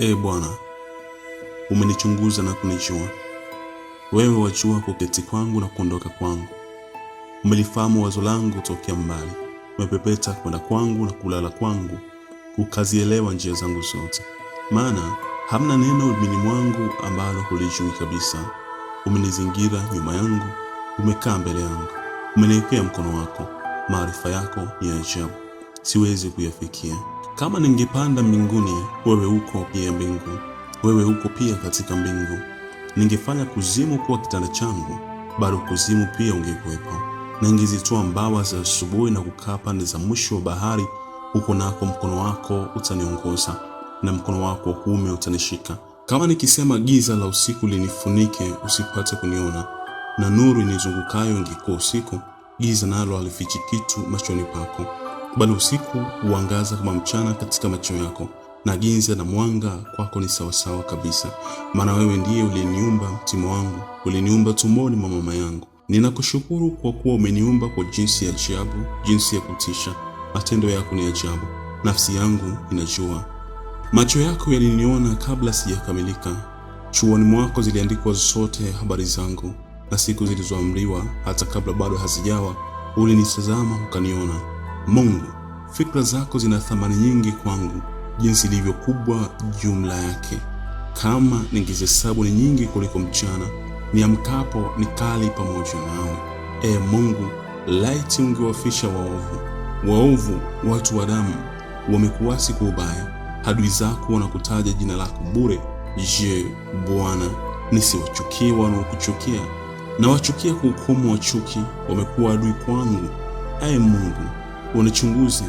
Ee Bwana, umenichunguza na kunijua. Wewe wajua kuketi kwangu na kuondoka kwangu. Umelifahamu wazo langu tokea mbali, umepepeta kwenda kwangu na kulala kwangu, ukazielewa njia zangu zote. Maana hamna neno ulimini mwangu ambalo hulijui kabisa. Umenizingira nyuma yangu, umekaa mbele yangu, umeniwekea mkono wako. Maarifa yako ni ya ajabu, siwezi kuyafikia. Kama ningepanda mbinguni, wewe uko pia mbingu, wewe uko pia katika mbingu. Ningefanya kuzimu kuwa kitanda changu, bado kuzimu pia ungekuwepo. Ningezitoa mbawa za asubuhi na kukaa pande za mwisho wa bahari, huko nako mkono wako utaniongoza na mkono wako wa kuume utanishika. Kama nikisema giza la usiku linifunike, usipate kuniona, na nuru inizungukayo ingekuwa usiku, giza nalo halifichi kitu machoni pako bali usiku huangaza kama mchana katika macho yako, na ginza na mwanga kwako ni sawasawa kabisa. Maana wewe ndiye uliniumba mtimo wangu, uliniumba tumboni mwa mama yangu. Ninakushukuru kwa kuwa umeniumba kwa jinsi ya ajabu, jinsi ya kutisha. Matendo yako ni ajabu, nafsi yangu inajua. Macho yako yaliniona kabla sijakamilika, chuoni mwako ziliandikwa zote habari zangu, na siku zilizoamriwa hata kabla bado hazijawa, ulinitazama ukaniona. Mungu, fikra zako zina thamani nyingi kwangu, jinsi ilivyo kubwa jumla yake. Kama ningezihesabu ni nyingi kuliko mchana, niamkapo kali pamoja nao. e Mungu, laiti ungewafisha waovu. Waovu, watu wa damu, wamekuasi kwa ubaya, adui zako wanakutaja jina lako bure. Je, Bwana, nisiwachukie wanaokuchukia? Na wachukia kwa hukumu wa chuki, wamekuwa adui kwangu. Ee Mungu, Unichunguze,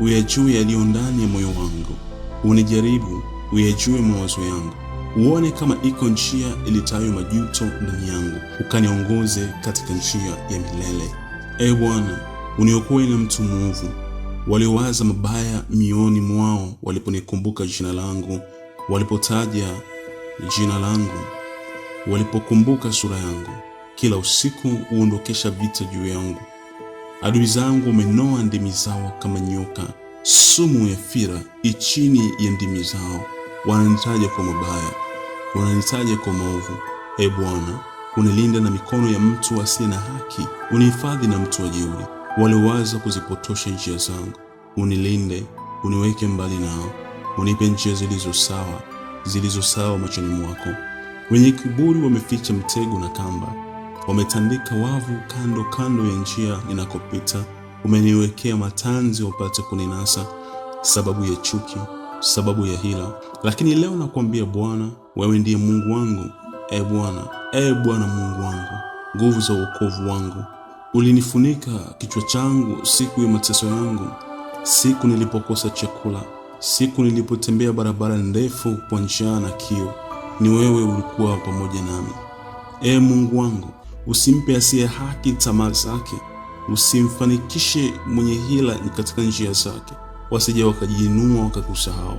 uyajue yaliyo ndani ya moyo wangu, unijaribu, uyajue mawazo yangu, uone kama iko njia ilitayo majuto ndani yangu, ukaniongoze katika njia ya milele. E Bwana, uniokoe na mtu mwovu, waliowaza mabaya mioni mwao, waliponikumbuka jina langu, walipotaja jina langu, walipokumbuka sura yangu. Kila usiku huondokesha vita juu yangu Adui zangu wamenoa ndimi zao kama nyoka, sumu ya fira ichini ya ndimi zao. Wananitaja kwa mabaya, wananitaja kwa maovu. E Bwana, unilinda na mikono ya mtu asiye na haki, unihifadhi na mtu wa jeuri, waliowaza kuzipotosha njia zangu. Unilinde, uniweke mbali nao, unipe njia zilizo sawa, zilizo sawa machoni mwako. Wenye kiburi wameficha mtego na kamba Wametandika wavu kando kando ya njia ninakopita, umeniwekea matanzi wapate kuninasa, sababu ya chuki, sababu ya hila. Lakini leo nakwambia Bwana, wewe ndiye Mungu wangu. E Bwana, e Bwana Mungu wangu, nguvu za wokovu wangu, ulinifunika kichwa changu siku ya mateso yangu, siku nilipokosa chakula, siku nilipotembea barabara ndefu kwa njaa na kiu, ni wewe ulikuwa pamoja nami. E Mungu wangu Usimpe asiye haki tamaa zake, usimfanikishe mwenye hila katika njia zake, wasije wakajiinua wakakusahau.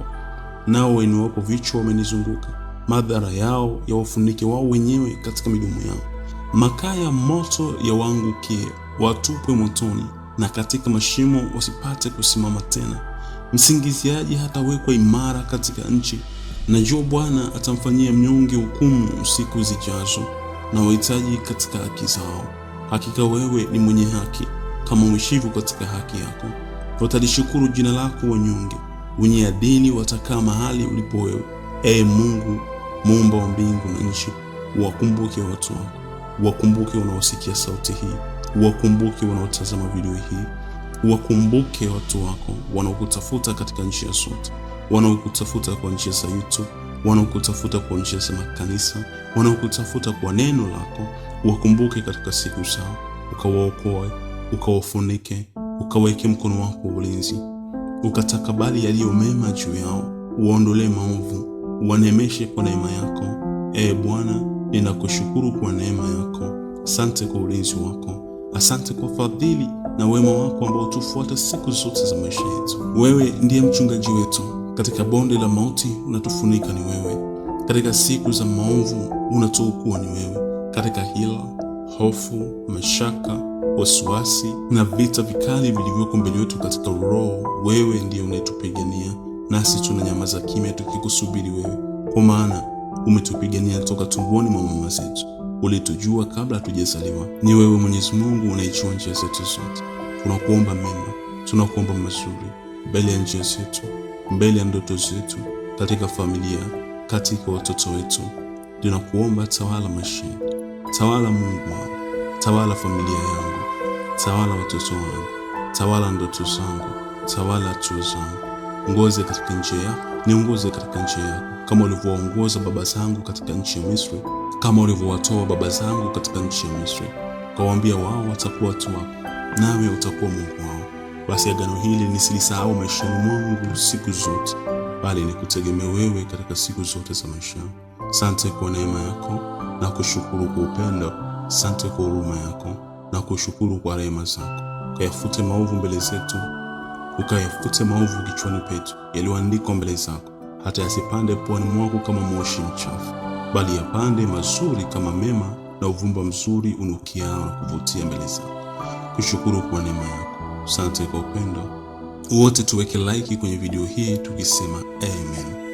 Nao wainuapo vichwa wamenizunguka, madhara yao yawafunike wao wenyewe katika midomo yao. Makaa ya moto yawaangukie, watupwe motoni, na katika mashimo wasipate kusimama tena. Msingiziaji hatawekwa imara katika nchi, na jua Bwana atamfanyia mnyonge hukumu siku zijazo na wahitaji katika haki zao. Hakika wewe ni mwenye haki, kama umeshivu katika haki yako. Watalishukuru jina lako wanyonge, wenye adili watakaa mahali ulipo wewe. Ee Mungu muumba wa mbingu na nchi, wakumbuke watu wako, wakumbuke wanaosikia sauti hii, wakumbuke wanaotazama video hii, wakumbuke watu wako wanaokutafuta katika njia zote, wanaokutafuta kwa njia za YouTube wanaokutafuta kwa njia za makanisa, wanaokutafuta kwa neno lako, wakumbuke katika siku zao, ukawaokoe, ukawafunike, ukaweke mkono wako ulinzi, ukatakabali yaliyo mema juu yao, uwaondolee maovu, wanemeshe kwa neema yako. Ee Bwana, ninakushukuru kwa neema yako. Asante kwa ulinzi wako, asante kwa fadhili na wema wako ambao tufuata siku zote za maisha yetu. Wewe ndiye mchungaji wetu katika bonde la mauti unatufunika ni wewe, katika siku za maovu unatuokoa ni wewe, katika hila, hofu, mashaka, wasiwasi na vita vikali vilivyoko mbele yetu katika roho, wewe ndiye unayetupigania nasi tunanyamaza kimya tukikusubiri wewe, kwa maana umetupigania toka tumboni mwa mama zetu, ulitujua kabla hatujazaliwa. Ni wewe Mwenyezi Mungu unaijua njia zetu zote. Tunakuomba mema, tunakuomba mazuri mbele ya njia zetu mbele ya ndoto zetu, katika familia, katika watoto wetu. Tunakuomba tawala Mashi, tawala Mungu wangu, tawala familia yangu, tawala watoto wangu, tawala ndoto zangu, tawala hatua zangu. Ongoze katika njia yako, niongoze katika njia yako, kama ulivyowaongoza baba zangu katika nchi ya Misri, kama ulivyowatoa baba zangu katika nchi ya Misri. Kawaambia wao watakuwa watu wako, nawe utakuwa Mungu wao. Basi agano hili nisilisahau maishani mwangu siku zote, bali nikutegemea wewe katika siku zote za maisha Sante kwa neema yako na kushukuru kwa upendo, sante kwa huruma yako na kushukuru kwa rehema zako. Ukayafute maovu mbele zetu, ukayafute maovu kichwani petu, yaliyoandikwa mbele zako, hata yasipande puani mwako kama moshi mchafu, bali yapande mazuri kama mema na uvumba mzuri unukiao na kuvutia mbele zako. Kushukuru kwa neema yako Asante kwa upendo wote, tuweke like kwenye video hii tukisema amen.